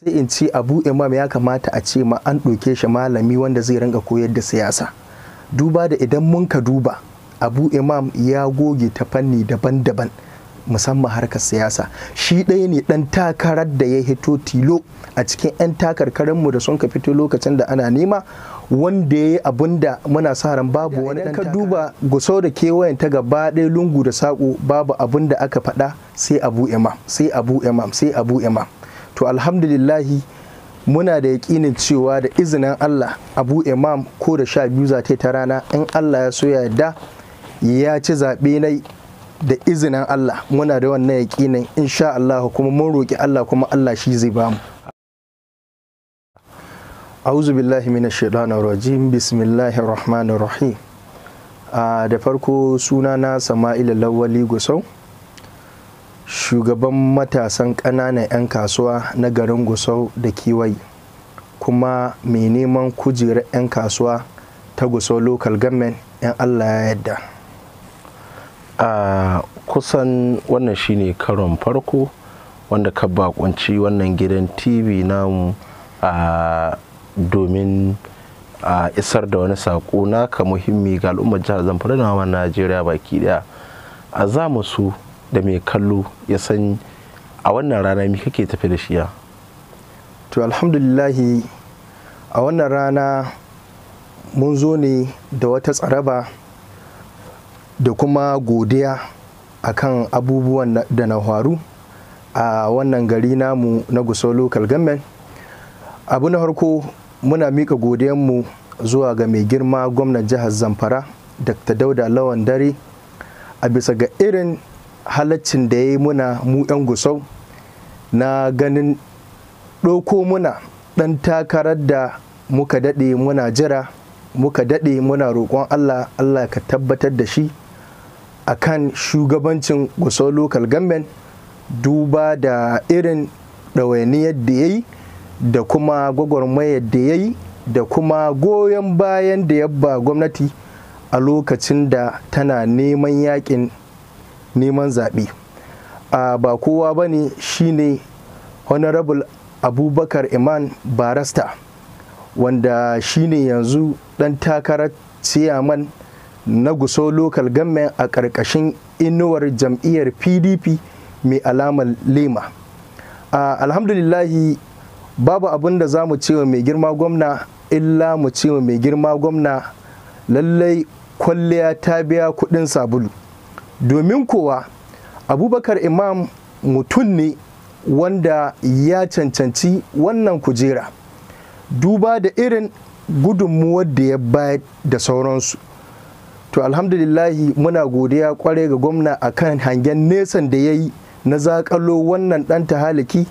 sai in ce abu imam ya kamata a ce ma an ɗauke shi malami wanda zai rinka koyar da siyasa duba da idan mun ka duba abu imam ya goge ta fanni daban-daban musamman harkar siyasa shi ɗaya ne ɗan takarar da ya hito tilo a cikin 'yan takarkarinmu da sun ka fito lokacin da ana nema wanda ya yi abin da muna sa ran babu wani ɗan ka duba gusau da kewayen ta gaba ɗaya lungu da saƙo babu abin da aka faɗa sai abu imam sai abu imam sai abu imam to alhamdulillahi muna da yaƙinin cewa da izinin Allah abu imam ko da sha biyu za ta ta rana in Allah ya soya ya ya ci zaɓe na da izinin Allah muna da wannan yaƙinin insha Allah kuma mun roƙi Allah kuma Allah shi zai bamu a'udhu billahi minash shaitanir rajim bismillahir rahmanir rahim ah, da farko sunana Sama'il Lawali Gusau shugaban matasan ƙananan 'yan kasuwa na garin gusau da kiwai kuma mai neman kujerar 'yan kasuwa ta gusau local government 'yan allah ya yadda a kusan wannan shine karon farko wanda ka bakunci wannan gidan tv namu a domin a isar da wani saƙo naka muhimmi ga al'ummar jihar zamfara da najeriya baki daya a za mu su da mai kallo ya san a wannan rana mi kake tafi da shiya to alhamdulillahi a wannan rana mun zo ne da wata tsaraba da kuma godiya akan abubuwan da na faru a wannan gari namu na guso local government abu na harko muna mika mu zuwa ga mai girma gwamnan jihar zamfara dr dauda lawan dare a bisa ga irin halaccin da ya yi muna mu 'yan gusau na ganin ɗauko muna ɗan takarar da muka daɗe muna jira muka daɗe muna roƙon allah allah ka tabbatar da shi a kan shugabancin gusau local government duba da irin ɗawainiyar da ya yi da kuma gwagwarmayar da ya yi da kuma goyon bayan da yabba gwamnati a lokacin da tana neman yakin neman zaɓe ba kowa ba ne shi ne honorable abubakar iman barasta wanda shi ne yanzu ɗan takarar ciyaman na guso local government a ƙarƙashin inuwar jam'iyyar pdp mai alamar lema alhamdulillahi babu abin da za mu cewa mai girma gwamna illa mu cewa mai girma gwamna lallai kwalliya ta biya kuɗin sabulu domin kowa abubakar imam mutum ne wanda ya cancanci wannan kujera duba da irin gudunmuwar da ya bayar da sauransu to alhamdulillahi muna godiya kwarai ga gwamna akan hangen nesan da ya yi na zakalo wannan dan tahaliki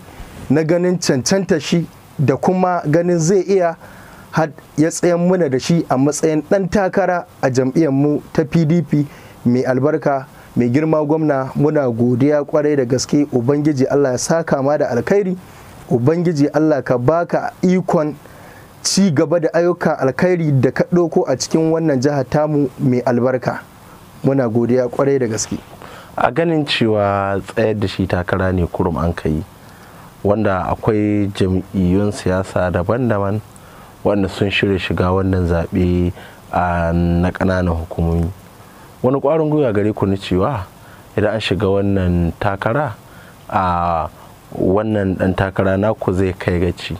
na ganin cancanta shi da kuma ganin zai iya had ya tsayan muna da shi a matsayin dan takara a jam'iyyar mu ta pdp mai albarka mai girma gwamna muna godiya kwarai da gaske ubangiji allah ya saka ma da alkhairi ubangiji allah ka baka ikon ci gaba da ayyuka alkhairi da ka ɗauko a cikin wannan jihar tamu mai albarka muna godiya kwarai da gaske a ganin cewa tsayar da shi takara ne kurum an kai wanda akwai jam'iyyun siyasa daban-daban wanda sun shirya shiga wannan zaɓe ah, na ƙananan hukumomi wani kwarin gwiwa gare ku ni cewa idan an shiga wannan takara a wannan ɗan takara naku zai kai gaci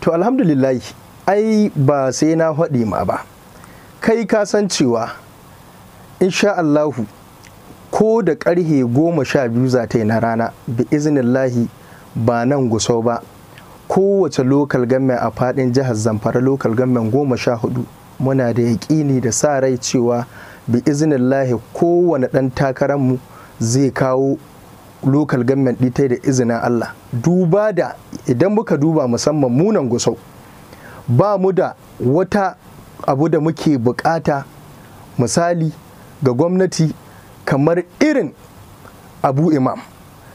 to alhamdulillahi ai ba sai na faɗi ma ba kai ka san cewa insha Allahu ko da ƙarhe goma sha biyu za ta yi na rana bi iznillahi ba nan guso ba kowace lokal gamen a faɗin jihar zamfara lokal gamen goma sha hudu muna da yaƙini da sa rai cewa bi lahi kowane ɗan takararmu zai kawo lokal government ɗita da izinin Allah duba da idan muka duba musamman munan gusau ba mu da wata abu da muke bukata misali ga gwamnati kamar irin abu imam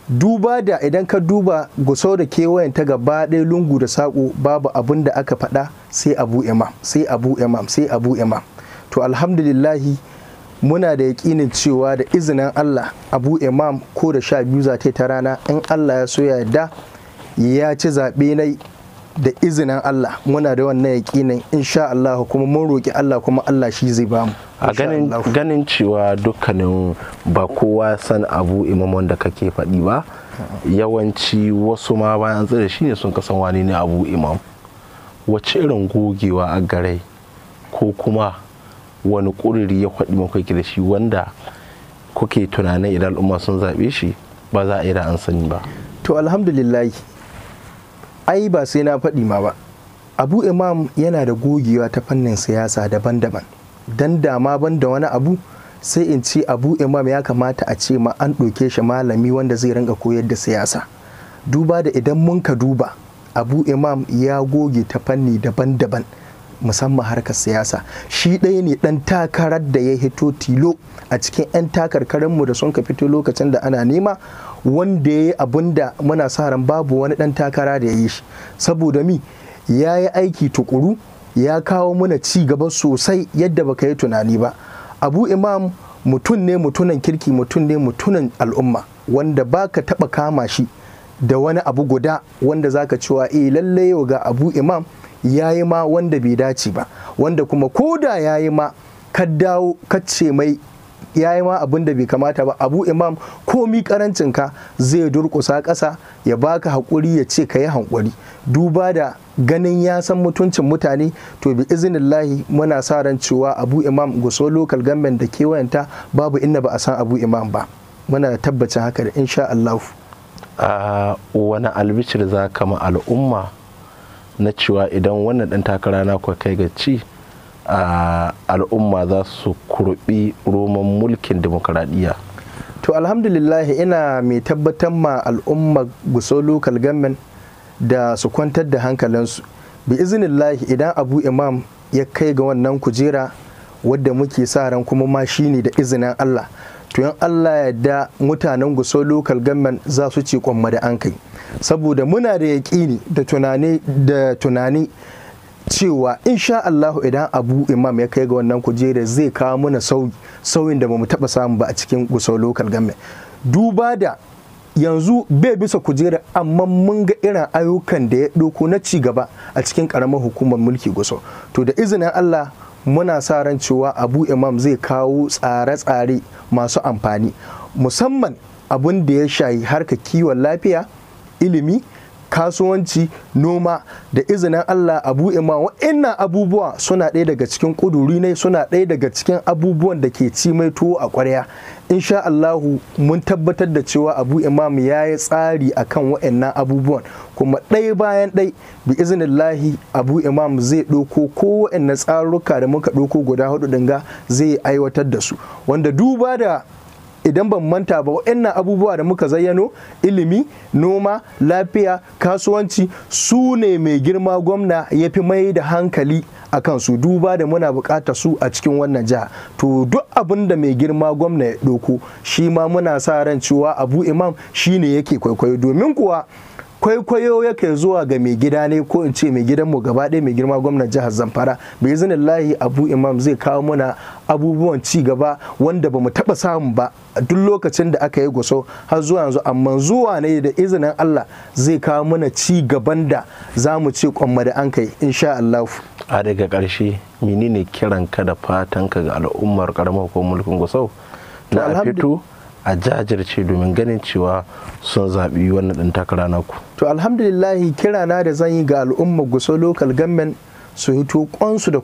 duba da idan ka duba gusau da kewayen ta gaba ɗaya lungu da saƙo babu abin da aka faɗa sai abu imam sai abu imam sai abu imam to alhamdulillahi muna da yaƙinin cewa da izinin Allah Abu Imam ko da sha biyu za ta ta rana in Allah ya soya yadda ya ci zaɓe na da izinin Allah muna da wannan yaƙinin insha Allah kuma mun roƙi Allah kuma Allah shi zai ba mu a ganin cewa dukkanin ba kowa san Abu Imam wanda kake faɗi ba yawanci wasu ma bayan tsira shi ne sun kasan wani ne Abu Imam wacce irin gogewa a garai ko kuma wani ƙuriri ya kwaɗi makwai da shi wanda kuke tunanin idan al'umma sun zaɓe shi ba za a yi da an sani ba to alhamdulillahi ai ba sai na faɗi ma ba abu imam yana da gogewa ta fannin siyasa daban-daban dan dama ban da wani abu sai in ce abu imam ya kamata a ce ma an ɗauke shi malami wanda zai ringa koyar da siyasa duba da idan mun ka duba abu imam ya goge ta fanni daban-daban musamman harkar siyasa shi ɗaya ne ɗan takarar da ya hito tilo a cikin 'yan takarkarinmu da sun ka fito lokacin da ana nema wanda ya yi abin da muna sa ran babu wani ɗan takara da ya yi shi saboda mi ya yi aiki tukuru ya kawo mana ci gaba sosai yadda baka yi tunani ba abu imam mutum ne mutunan kirki mutum ne mutunan al'umma wanda baka taɓa kama shi da wani abu guda wanda zaka cewa eh lallai yau ga abu imam ya yi ma wanda bai dace ba wanda kuma ko da ya yi ma ka dawo ka mai ya yi ma abin da bai kamata ba abu imam komi ka zai durƙusa ƙasa ya baka haƙuri ya ce ka yi haƙuri duba da ganin ya san mutuncin mutane to bi izinillahi muna sa ran cewa abu imam guso local government da kewayenta babu inda ba a san abu imam ba muna tabbacin haka da insha Allah ah, wani albishir za kama al'umma na cewa idan wannan ɗan takara na kuwa kai ga ci a al'umma za su kurbi roman mulkin demokuraɗiyya to alhamdulillah ina mai tabbatar ma al'umma guso lokal government da su kwantar da hankalinsu bi izinillahi idan abu imam ya kai ga wannan kujera wadda muke sa ran kuma ma shine da izinin allah to in allah ya da mutanen guso lokal government za su ce kwamma da an kai saboda muna da yaƙini da tunani da tunani cewa insha Allah idan abu imam ya kai ga wannan kujera zai kawo mana sauyin da bamu taɓa samu ba a cikin gusau local government duba da yanzu bai bisa kujera amma mun ga irin ayyukan da ya ɗauko na ci gaba a cikin ƙaramar hukumar mulki gusau to da izinin Allah muna sa ran cewa abu imam zai kawo tsare-tsare masu amfani musamman abun da ya shayi harka kiwon lafiya ilimi kasuwanci noma da izinin Allah abu buɗe ma wa'annan abubuwa suna ɗaya daga cikin ƙuduri ne suna ɗaya daga cikin abubuwan da ke ci mai tuwo a ƙwarya insha Allahu mun tabbatar da cewa Abu Imam ya yi tsari a kan wa'annan abubuwan kuma ɗaya bayan ɗai bi lahi Abu Imam zai ɗauko ko wa'annan tsaruka da muka ɗauko guda hudu dinga zai aiwatar da su wanda duba da idan ban manta ba wa'in abubuwa da muka zayyano ilimi noma lafiya kasuwanci su ne mai girma gwamna ya fi mai da hankali a kansu duba da muna bukata su a cikin wannan jiha to duk abin da mai girma gwamna ya doko shi ma muna sa ran cewa abu imam shine yake kwaikwayo domin kuwa kwaikwayo yake zuwa ga mai gida ne ko in ce mai gidanmu gaba ɗaya mai girma gwamnan jihar zamfara bai zinin lahi abu imam zai kawo mana abubuwan ci gaba wanda bamu mu taɓa samu ba duk lokacin da aka yi gwaso har zuwa yanzu amma zuwa ne da izinin allah zai kawo mana ci gaban da za mu ce kwamma da an kai insha allah a daga ƙarshe menene kiranka da fatanka ga al'ummar karamar ko mulkin gusau na fito a jajirce domin ganin cewa sun zaɓi wannan ɗin takara naku. To alhamdulillahi kirana da zan yi ga al'umma guso local government su hito kwansu da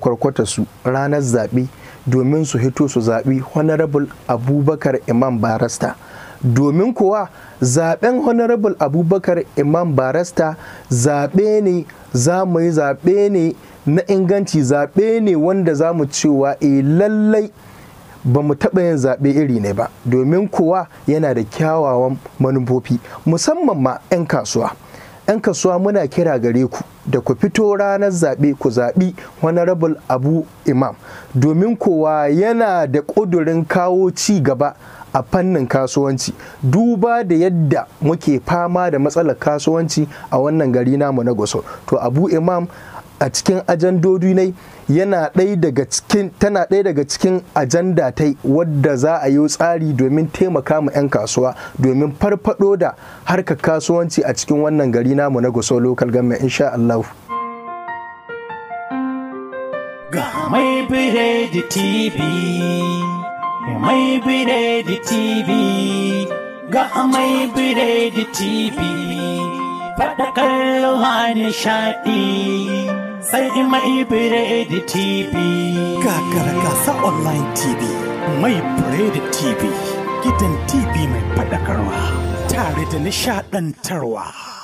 su ranar zaɓe domin su hito su zaɓi honorable abubakar imam barasta domin kuwa zaɓen honorable abubakar imam barasta zaɓe ne za mu yi zaɓe ne na inganci zaɓe ne wanda za mu cewa e lallai ba mu taɓa yin zaɓe iri ne ba domin kuwa yana da kyawawan manufofi musamman ma 'yan kasuwa 'yan kasuwa muna kira gare ku da ku fito ranar zaɓe ku zaɓi honorable abu imam domin kowa yana da ƙudurin kawo ci gaba a fannin kasuwanci duba da yadda muke fama da matsalar kasuwanci a wannan gari namu na gusau to abu imam a cikin ajandodi ne yana ɗaya daga cikin tana ɗaya daga cikin ajanda ta wadda za a yi tsari domin taimaka ma 'yan kasuwa domin farfado da harkar kasuwanci a cikin wannan gari namu na Gusau Local Government insha Allah. Ga mai biredi TV, mai biredi TV, ga mai biredi TV, faɗakar ruwa nishaɗi. sai mai da TV. Kakara gasa online TV, mai biredi TV, gidan TV mai faɗakarwa, tare da nishaɗantarwa.